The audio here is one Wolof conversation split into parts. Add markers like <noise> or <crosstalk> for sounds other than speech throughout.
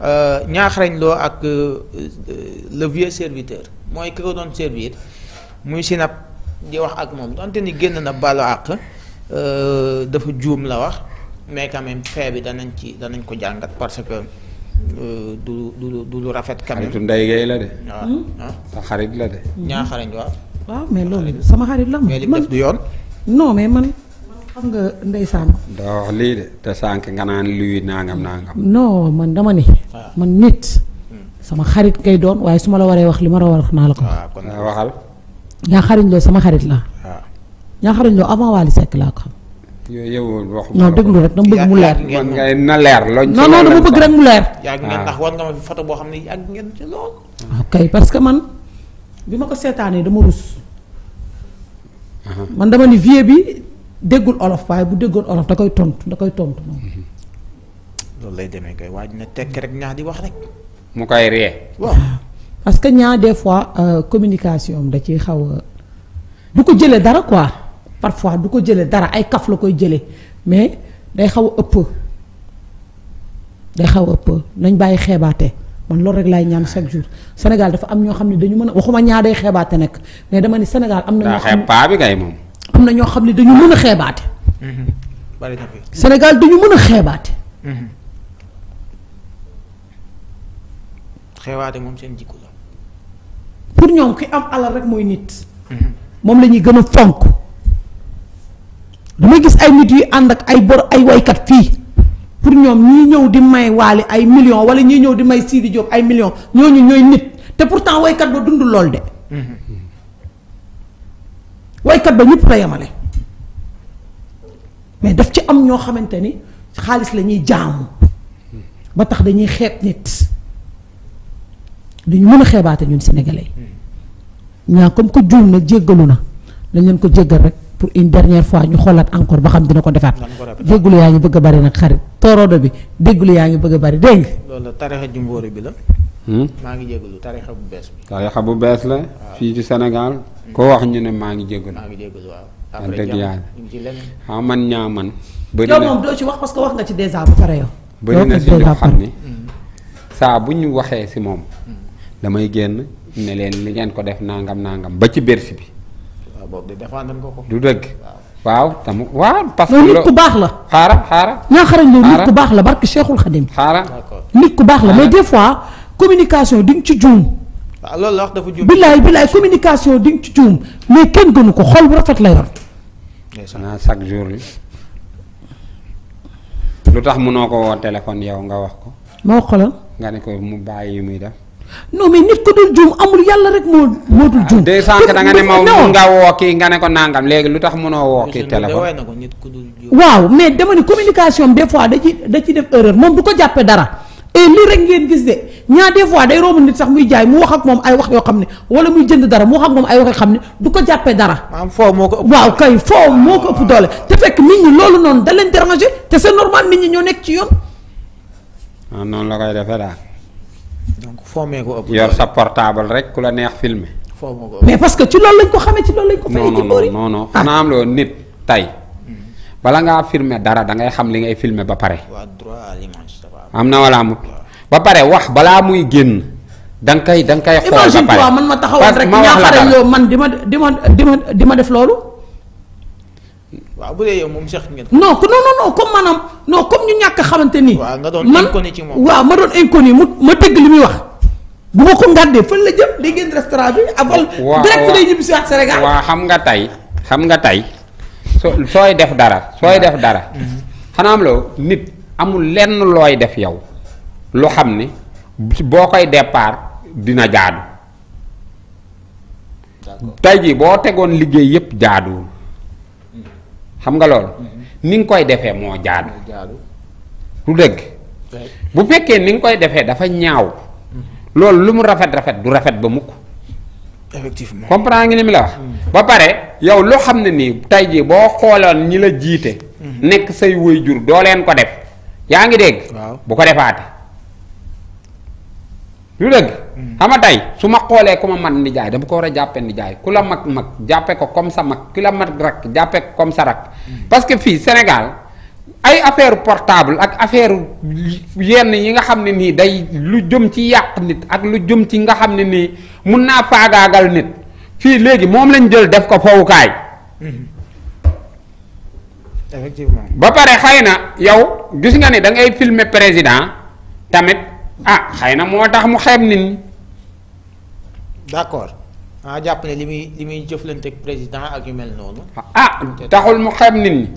ñaaxarañ euh, loo ak euh, euh, le vieux serviteur mooy ki ko doon servir muy sinap di wax ak moom donte ni génn na balo àq dafa juum la wax mais quand même fee bi danañ ci danañ ko jàngat parce que du du du lu rafet. quand même xaritu Ndeye Gueye la de. waaw hmm? xarit hmm. waaw. waaw mais loolu sama xarit la. mais li def du yoon. non mais man xam nga ndeysaan doo wax lii de te sànq nga naan luy nangam nangam. non man dama ni. Ah. man nit. Hmm. sama xarit ngay doon waaye su ma la waree wax li ma la war wax naa la ko. waaw ah, kon ah, waxal. ñaa xariñ loo sama xarit la waaw ñaa xariñ loo avant Wally Seck laa ko xam. yooyu yow wax rek dama bëgg mu leer. man ngay na leer loñ. ci dama bëgg rek mu leer. yàgg ngeen ndax war nga ma fi boo xam ne yàgg ngeen ci lool. ok parce que man bi ma ko seetaanee dama rus. man dama ni vieux bi. déggul olof waaye bu déggoon olof da koy tontu da koy tontu moom. Mhm. loolu lay demee kay waaj na tekk rek ñaa di wax rek. mu koy ree. waaw parce que ñaa des fois euh, communication am da ciy xaw a du ko jëlee dara quoi parfois du ko jëlee dara ay kaf la koy jëlee mais day xaw a ëpp day xaw a ëpp nañ bàyyi xeebaate man loolu rek laay ñaan chaque jour Sénégal dafa am ñoo xam ne dañu mën a waxuma ñaa day xeebaate nekk mais dama ni Sénégal am na. ñoo xam ne paa bi kay moom. am na ñoo xam ne dañu mën a xeebaate. Sénégal dañu mën a xeebaate. Mhm. xeebaate moom seen jikko la. pour ñoom ki am alal rek mooy nit. Mhm. moom la ñuy gën a fonk. damay gis ay nit yu ànd ak ay bor ay waykat fii pour ñoom ñii ñëw di may waali ay million wala ñii ñëw di may di Diop ay millions ñooñu ñooy nit te pourtant woykat ba dund lool de. Mhm. waykat ba ñëpp la yemale mais daf ci am ñoo xamante ni xaalis la ñuy jaamu ba tax dañuy xeet nit duñu mun a xeebaate ñun sénégalais yi ñaa comme que juum na jéggalu na lañ leen ko jéggal rek pour une dernière fois ñu xoolaat encore ba xam dina ko defaat jéggulu yaa ngi bëgg a bari nag xarit tooroodo bi déggulu yaa ngi bëgg a bari dégg nga loolu tarixa jumbóori bi la Hmm? maa ngi jégalu tarixa bu bees bi. tarixa bu bees la. fii ci Sénégal. koo wax ñu ne maa ngi jégalu. maa ngi jégalu waaw. après jàmm man ñaa man. bëri na moom doo ci wax parce que wax nga ci déjà ba pare yow. bëri na si saa bu ñu waxee si moom. Hmm. damay génn ne leen li ngeen ko def nangam nangam ba ci bersi bi. waaw boobu de défendre nga ko. du dëgg. waaw tam waaw parce que. nit ku baax la. xaara xaara. ñaa xarañ loolu nit ku baax la barke Cheikhul Khadim. xaara nit ku baax la mais des fois. communication di ci juum. la wax dafa juum. billaay billaay communication di nga ci juum mais kenn gënu ko xol bu rafet lay yor. xanaa chaque jour lu tax mënoo ko woo téléphone yow nga wax ko. ma wax la. nga ne ko mu bàyyi muy def. non mais nit ko dul juum amul yàlla rek moo moo dul juum. Ah, te sànq da nga ne ma mun nga woo kii nga ne ko nangam léegi lu tax mënoo woo kii téléphone. waaw mais dama ne communication des da ci da ci def erreur moom du ko jàppee dara et lii rek ngeen gis de. ñaar des fois day romb nit sax muy jaay mu wax ak moom ay wax yoo xam ne wala muy jënd dara mu wax ak moom ay wax yoo xam ne du ko jàppee dara. maanaam foo moo ko ëpp waaw kay foo moo ko ëpp doole. te fekk nit ñi loolu noonu da leen déranger te c'est normal nit ñi ñoo nekk ci yoon. Ah, noonu la koy defee daal. donc foo mee ko rek ku la neex filmer. foo mais parce que ci loolu lañ ko xamee ci loolu lañ ko. fayee ci boori non non ah. am loo nit tey. Hmm. bala ngaa filmer dara da ngay xam li ngay filmer ba pare. am na wala amut. ba pare wax balaa muy génn da kay koy da xool ba pare man ma taxawoon rek ñaaxare yow man di ma di ma di ma di ma def loolu. waaw bu dee yow moom sax ngeen. non non non comme maanaam non comme ñu ñàkk xamante ni. waaw nga doon inconnu ci moom waaw ma doon inconnu mu ma dégg li muy wax. bu ma ko ngàddee fan la jëm day génn restaurant bi aval. waaw direct lay ñibbi si waat Sénégal. waaw xam nga tey xam nga tey soo sooy def dara sooy def dara. Mhm. xanaa am loo nit amul lenn looy def yow. lu xam ni boo koy départ dina jaadu tey jii boo tegoon liggéey yépp jaaduwul xam nga loolu mm-hmm. ni nga koy defee moo jaadu du dëgg bu fekkee ni nga koy defee dafa ñaaw mm-hmm. loolu lu mu rafet rafet du rafet ba mukk effectivement comprendre nga ni mi la wax mm-hmm. ba pare yow loo xam ne nii tey jii boo xooloon ñi la jiite nekk say waajur doo leen ko def yaa ngi dégg bu ko defaate lu dëgg xam nga tey su ma xoolee ku ma mat ni dama ko war a jàppe ni jaay ku la mag mag jàppe ko comme sa mag ku la mag rak jàppe ko comme sa rak mm. parce que fii Sénégal ay affaire portable ak affaire yenn yi nga xam ne nii day lu jëm ci yàq nit ak lu jëm ci nga xam ne nii mun naa faagaagal nit fii léegi moom lañ jël def ko fowukaay mm-hmm. effectivement ba pare xëy na yow gis nga ne dangay ngay président tamit ah xëy na moo tax mu xeeb nit ñi. d'accord ah jàpp ne li muy li muy jëflanteeg président ak yu mel noonu. ah taxul mu xeeb nit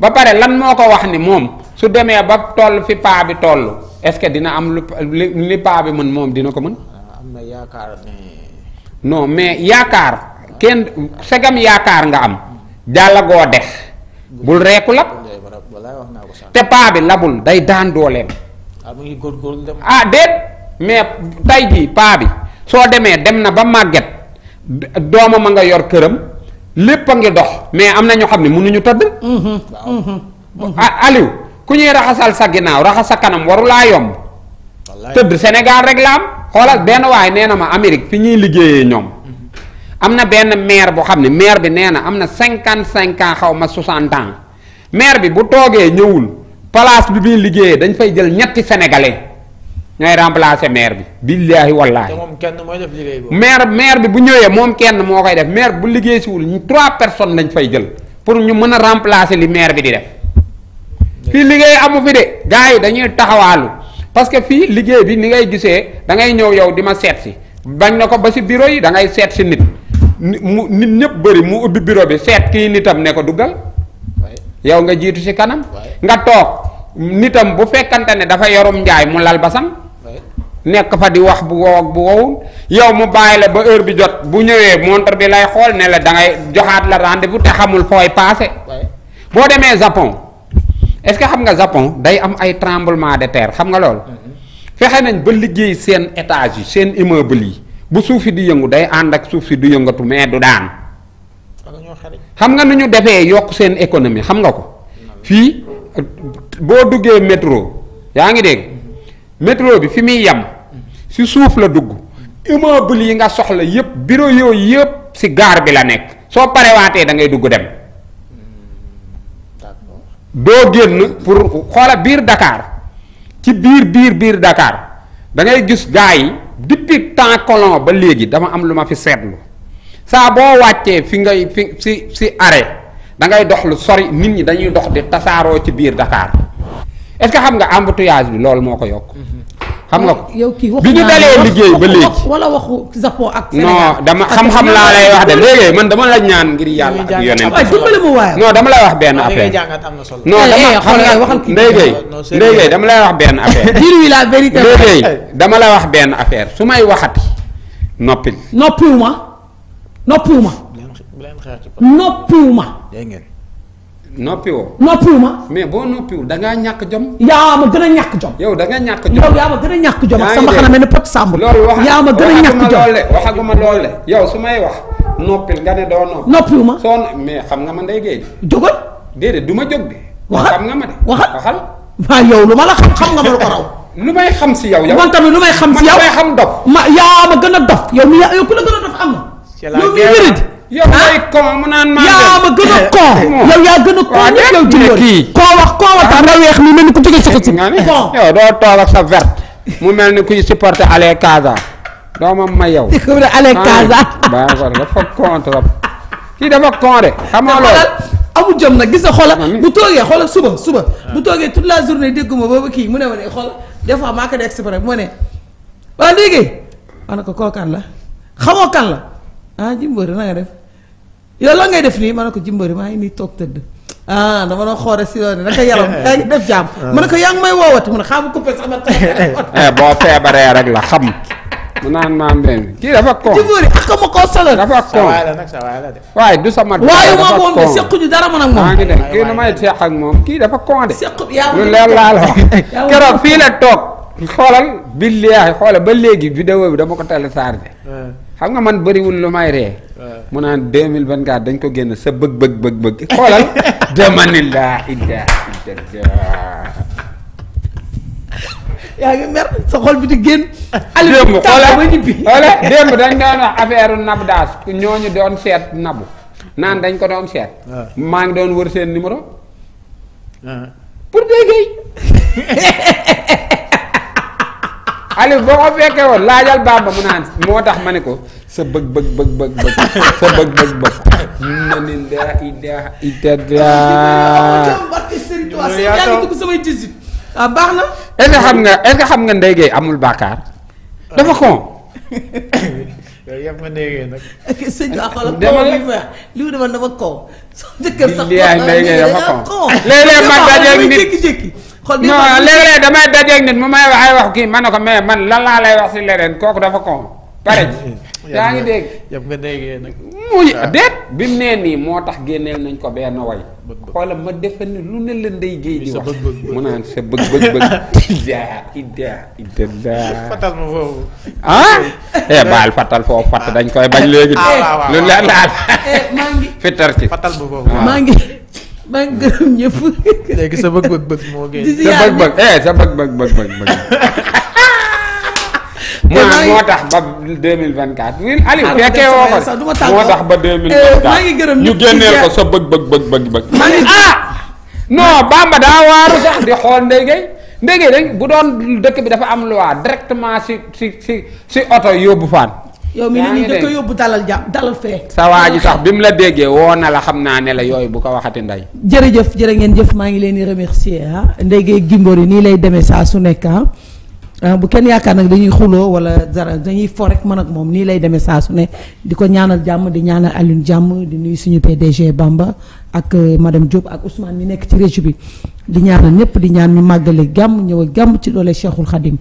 ba pare lan moo ko wax ni moom su demee ba toll fi paa bi toll est-ce que dina am lu li paa bi mën moom dina ko mën. Ah, am na yaakaar ne. mais yaakaar kenn segam yaakaar nga am jàllagoo dex bul reeku lab te paa bi labul day daan dooleem. Ah, mu dem. ah déet mais tay jii paa bi soo demee dem na ba màgget doomam a nga yor këram lépp a ngi dox mais am na ñoo xam ne mënuñu tëdd. Mm-hmm. Mm-hmm. waaw mm-hmm. Ah, Aliou ku ñuy raxasal sa ginnaaw raxas sa kanam warulaa yomb. tëdd Sénégal rek la am xoolal benn waay nee na ma Amérique fi ñuy liggéeyee ñoom. am na benn maire boo xam ne maire bi nee na am na cinquante cinq xaw ma soixante ans maire bi bu toogee ñëwul place bi muy liggéeyee dañ fay jël ñetti sénégalais ñooy remplacer maire bi. billaahi wallaahi. te moom kenn mooy def liggéey boobu. maire bi bu ñëwee moom kenn moo koy def maire bu liggéey siwul wul ñu trois personnes lañ fay jël pour ñu mën a remplacer li maire bi di def. fii liggéey amu fi de gars yi dañuy taxawaalu parce que fii liggéey bi ni ngay gisee da ngay ñëw yow di ma seet si bañ na ko ba si bureau yi dangay seet si nit mu nit ñëpp bëri mu ubbi bureau bi seet kii nitam ne ko duggal. yow nga jiitu ci kanam. nga toog nitam bu fekkante ne dafa yorum njaay mu lal basam nekk fa di wax bu wow bu wowul yow mu bàyyi la ba heure bi jot bu ñëwee montre bi lay xool ne la da ngay joxaat la rendez bu te xamul fooy passé. boo demee Japon est-ce que xam nga Japon day am ay tremblement de terre xam nga loolu. Mm-hmm. fexe nañ ba liggéey seen étage yi seen immeuble yi bu suuf si di yëngu day ànd ak suuf si du yëngatu mais du daan. xam nga ni ñu defee yokk seen économie xam nga ko fii boo duggee métro yaa ngi dégg métro bi fi muy yem si suuf la dugg immeuble yi nga soxla yëpp bureau yooyu yëpp si gaar bi la nekk soo parewaatee dangay dugg dem doo génn pour xoola biir Dakar ci biir biir biir dakaar dangay gis gaa yi depuis temps ba léegi dama am lu ma fi seetlu saa boo wàccee fi ngay fi si si arrêt da ngay dox lu sori nit ñi dañuy dox di tasaaroo ci biir dakaar est-ce xam nga embouteillage bi loolu moo ko yokk. xam nga ko kii waxu bi ñu dalee liggéey ba léegi wala waxu Japon ak. dama xam-xam laa lay man dama la ñaan ngir yàlla ak yonent. non dama la wax benn affaire. non dama xam nga ndéygéey ndéygéey dama lay wax benn ah, affaire. Eh, eh, dire <laughs> wi la vérité. ndéygéey dama la wax benn affaire su may waxati noppil. noppiwuma. noppiwuma. noppiwuma. noppiwoo. noppiwuma. mais boo noppiwul da ngaa ñàkk jom. yaa ma gën a ñàkk jom. yow da nga ñàkk jom yow yaa ma gën a ñàkk jom. ak sama xanaa mel ni pot sàmb. loolu wax yaa ma gën a ñàkk jom waxaguma loole yow su may wax. noppil nga ne doo noppi. noppiwuma soo mais xam nga man day géej. jógal. déedéet du ma jóg de. waxal xam nga ma de. waxal waxal. waaw yow lu ma la xam xam nga ma lu <laughs> lu may xam si yow yow. man tamit lu may xam si yow man damay ma yaa ma gën a dof yow ku la gën a dof am na c'est la ah? yaa ma gën a con eh, eh, eh, yow yaa gën a con ñëpp yow jëndoon koo wax koo wax tax nga weex mi mel ni ku jóge saxit yow doo toog ak sa verte mu mel ni kuy supporter Allez Casa gis nga xoolal bu toogee xoolal suba suba ah. toogee toute la journée dégguma booba kii mu ne ma ne xool des fois maa ma ne ko kookan la xamoo kan la ah Jimbori na nga def yow loo ngay def nii ma ne ko Jimbori maa ngi nii toog tëdd ah dama doon xoore si yoon naka yaram <laughs> yaa ngi def jàmm. Ah. ma ne ko yaa ngi <laughs> eh, eh, feebaree rek la xam. mu naan maa mbéy kii dafa koom Jimbori ak ko ma koo solal. dafa koom waaye du sama. waaye de sequñu dara ak moom. kii dafa koom de. seq yaa lu leer laa la <laughs> keroog fii la toog. xoolal billaahi xoolal ba léegi vidéo bi dama ko téléchargé xam nga man bëriwul lu may ree mu naan deux mille vingt quatre dañ ko génn sa bëgg bëgg bëgg bëgg xoolal <laughs> demani laa illa yaa ngi mer sa xol bi di génn Aliou démb xoolal ba ñibbi xoolal <laughs> démb dañ doon wax affaire nab daas ñooñu doon seet nabu naan dañ ko doon seet maa ngi doon wër seen numéro pour déggee <laughs> Aliou boo ko fekkee woon laajal Bamba naa naan moo tax ma ne ko sa bëgg bëgg bëgg bëgg bëgg sa bëgg bëgg bëgg na ne baax na. est xam nga est xam nga Ndeye amul bàkkaar. dafa kon. yow yàgg nga Ndeye Gueye nag. sëñ bi ah, dafa kon. soo jëkkër sax léeg-léeg nit xol bi. non léeg-léeg damay dajeeg nit mu may wax wax kii man ne ko mais man lan laa lay wax si leneen kooku dafa kon pare. <laughs> yaa ngi dégg yëpp nga déggee nag. muy ah. déet bi mu nee nii moo tax génneel nañ ko benn way. xoolal ma defe ni lu ne la ndey géey di wax mu naan sa bëgg bëgg bëgg. Idda Idda Idda. Fatal ma foofu. ah. eh baal Fatal foofu Fatal dañ koy bañ léegi. ah lu la laal. Eh, maa <laughs> ci Fatal ma maa ngi. maa ngi gërëm ñëpp. léegi sa bëgg bëgg bëgg moo génn. di sa eh, bëgg bëgg <laughs> moo tax ba deux mille vingt quatre. Aliou fekkee woo ko de moo tax ba deux mille vingt quatre. Eh, gërëm ñu génneel ko sa bëgg bëgg bëgg bëgg. maa ngi ah. non Bamba daa waaru sax di xool ndéygay ndéygay dañ bu doon dëkk bi dafa am loi directement si si si si oto yóbbu fan yow mi ni da ko yóbbu dalal jàmm dalal fee. sa waa ji sax bi mu la déggee woo na la xam naa ne la yooyu bu ko waxati nday jërëjëf jërë ngeen jëf maa ngi leen di remercier ah Ndeye Gueye Gimbori nii lay demee saa su nekk ah. ah bu kenn yaakaar nag dañuy xuloo wala dara dañuy fo rek man ak moom nii lay demee saa su ne di ko ñaanal jàmm di ñaanal Alioune jàmm di nuyu suñu PDG Bamba ak euh, madame Diop ak Ousmane mi nekk ci région bi di ñaanal ñëpp di ñaan ñu màggale gàmm ñëw a gàmm ci doole Cheikhul Khadim